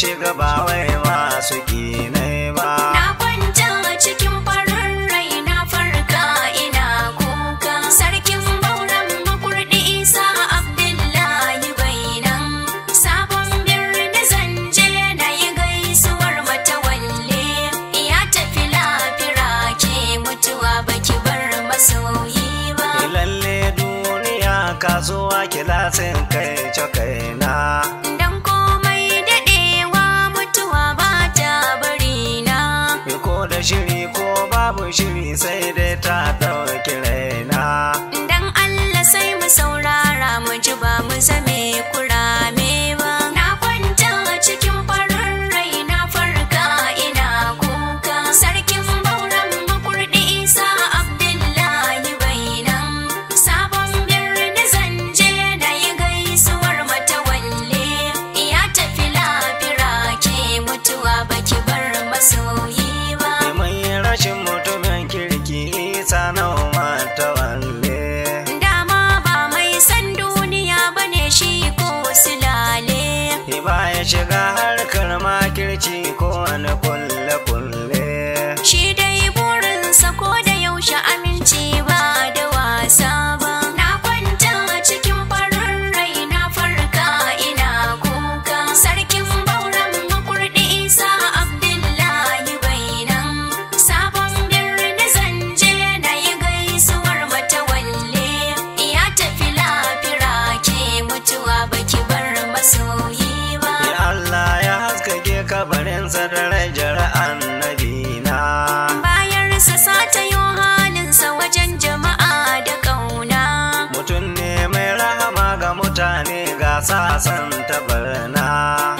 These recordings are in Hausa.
ci gaba wai masu kinai ba. Na kwanta cikin farin rai na farka ina kuka. Sarkin bauran makurdi isa Abdullahi bainan. Sabon birni zanje na yi gaisuwar matawalle. Ya tafi lafira ke mutuwa baki bar masoyi ba. Lalle duniya kasuwa kilasin kai cokaina. shiri ko babu shiri sai dai ta ɗauki raina. Dan Allah sai mu saurara mu ji ba mu zame ku shiga harkar makirci ko wani kulle-kulle mutane ga sasan tabarna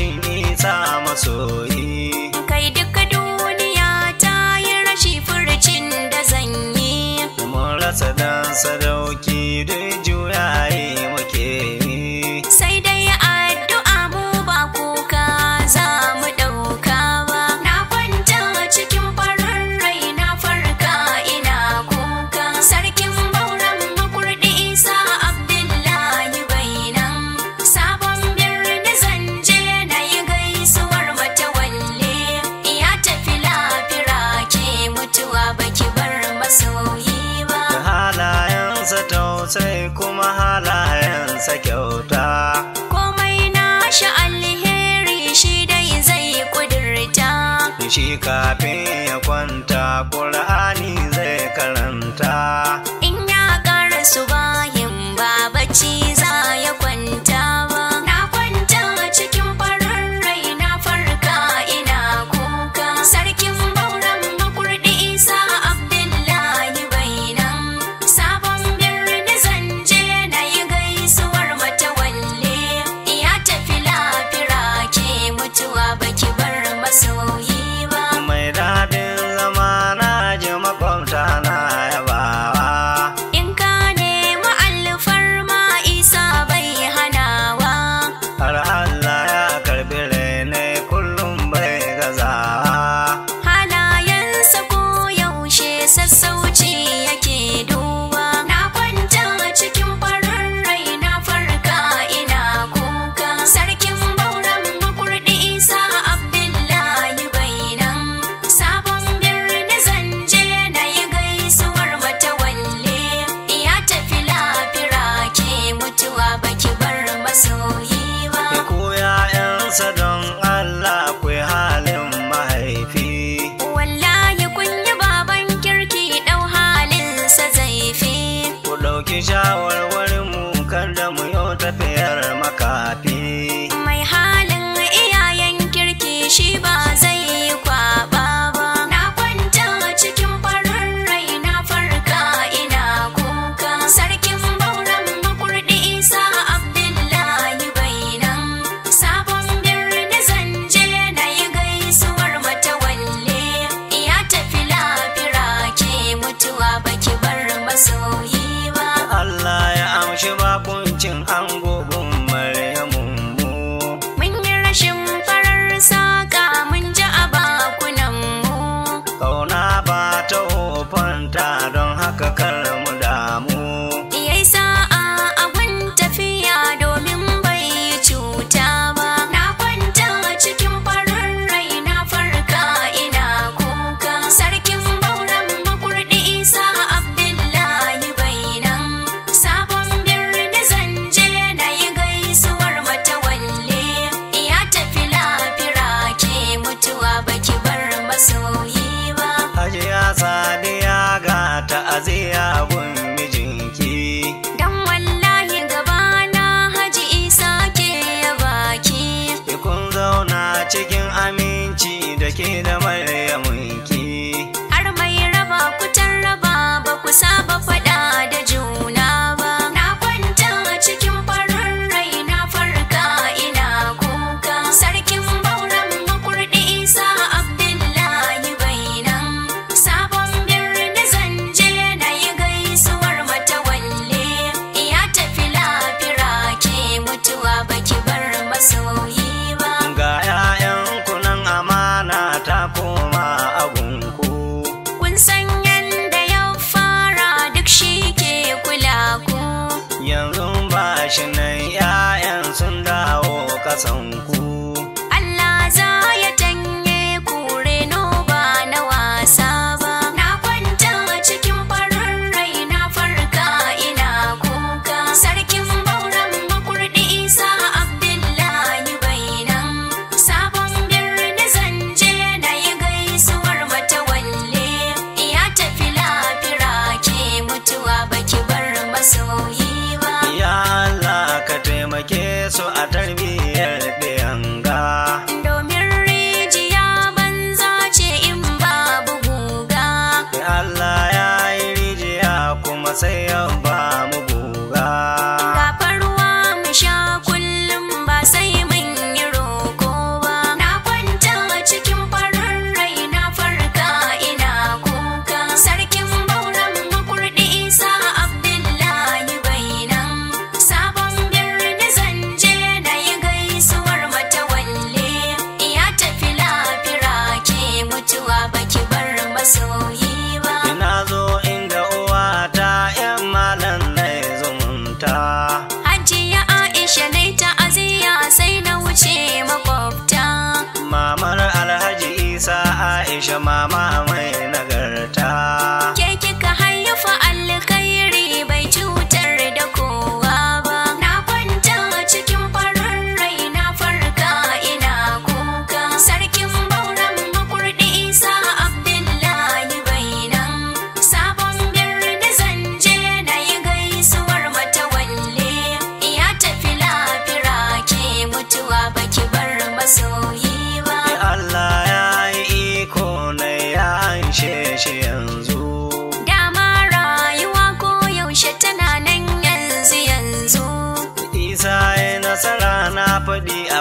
rashin isa masoyi kai duka duniya ta yi rashi furcin da zan yi mun rasa dan sadauki duk juyaye muke shi kafin ya kwanta kula.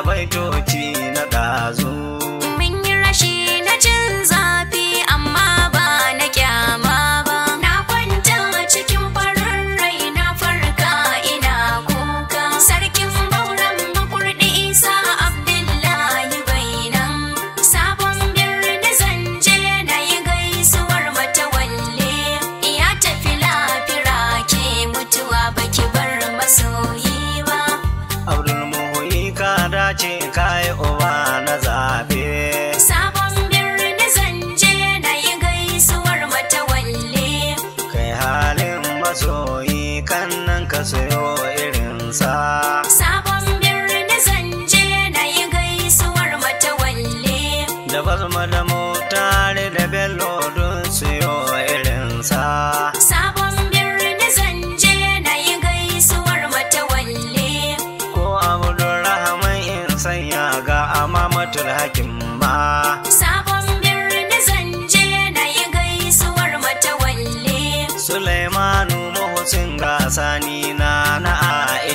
बावे pasó.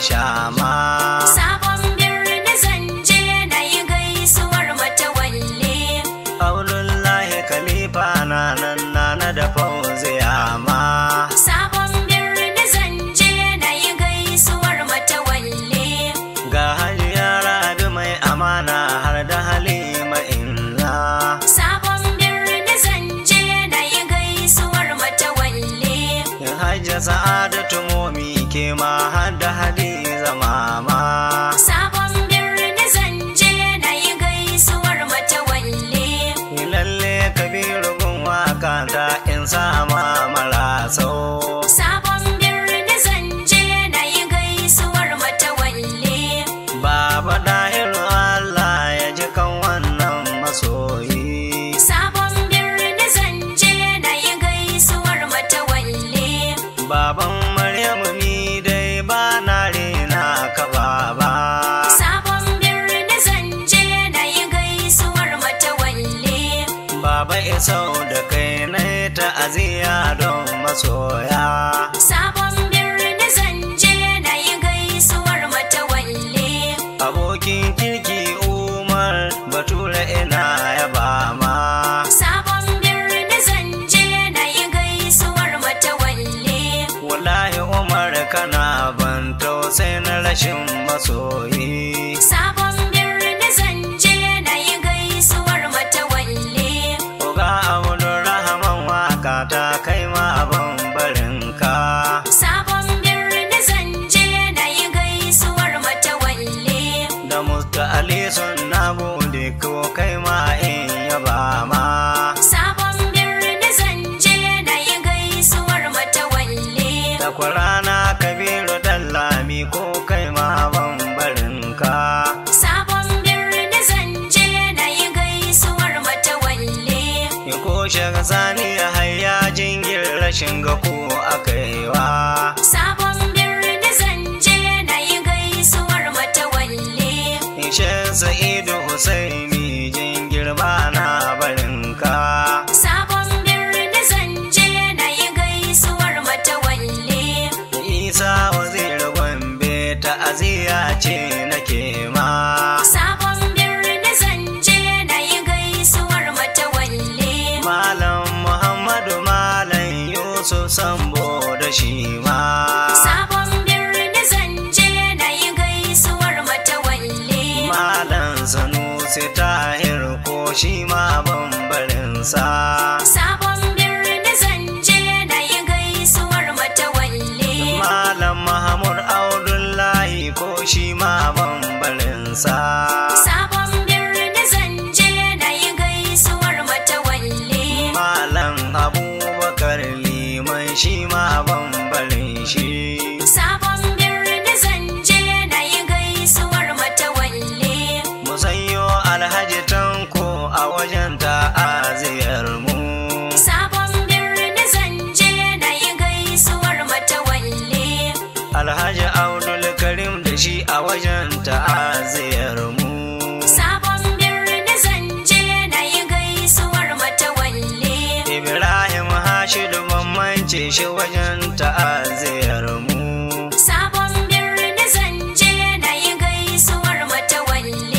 sha baban Maryamu ni dai ba na rena ka baba. Sabon birni zan je na yi gaisuwar matawalle. Baba sau da kai na ta aziya don masoya. Sabon bashin masoya Usaini jin girma na barin ka. Sabon birni zanje na yi gaisuwar matawalle. Isa wazir Gombe ta aziya ce nake ma. Sabon birni zanje na yi gaisuwar matawalle. Malam Muhammadu Malam Yusuf Sambo da shi shi ma bambarin sa sabon birni zan je na yi gaisuwar matawalle malam mahamud layi ko shi ma bambarin sa sabon birni zan je na yi gaisuwar matawalle malam abubakar liman shi ma bambarin wajen ta'aziyar mu sabon birni zanje na yi gaisuwar matawalle ibrahim hashidu mamance shi wajen ta'aziyar mu sabon birni zanje na yi gaisuwar matawalle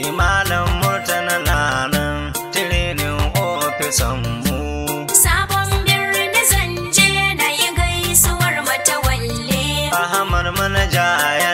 Imanan murtala lanan tirinin ofisan mu manaja ya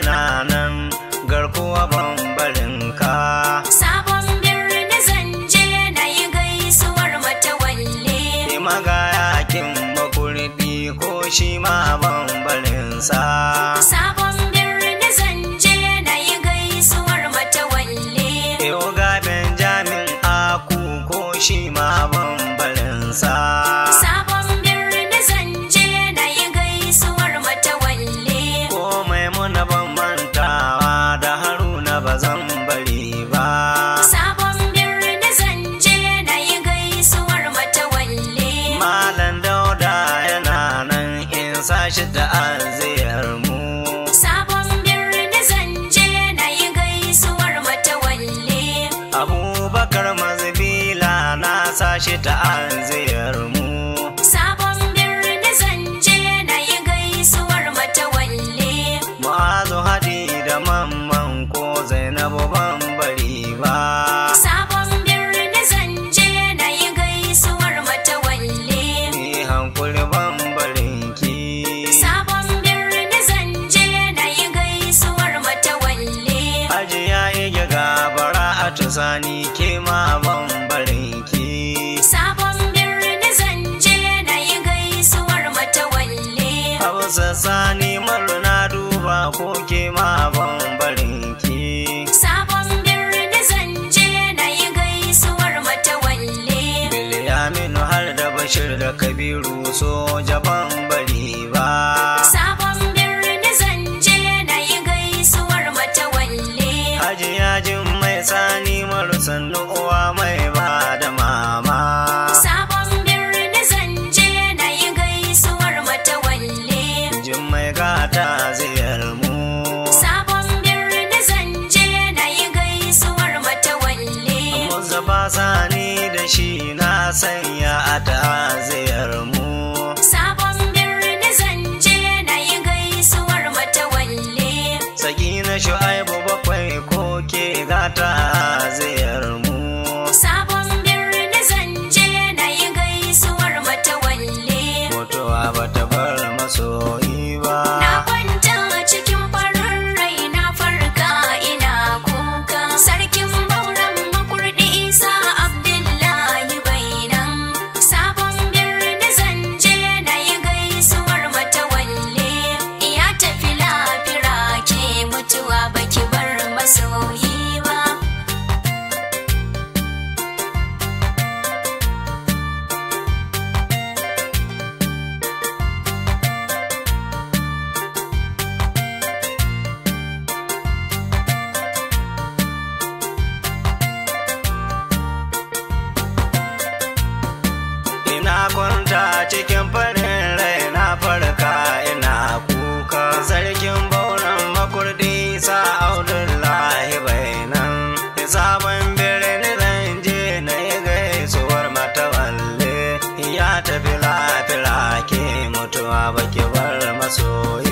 matter cikin farin rai na farka ina kuka sarkin bauran makurdi sa audun lahi bainan sabon birnin zan je na yi gaisuwar matawalle ya tafi lafi ke mutuwa baki bar masoyi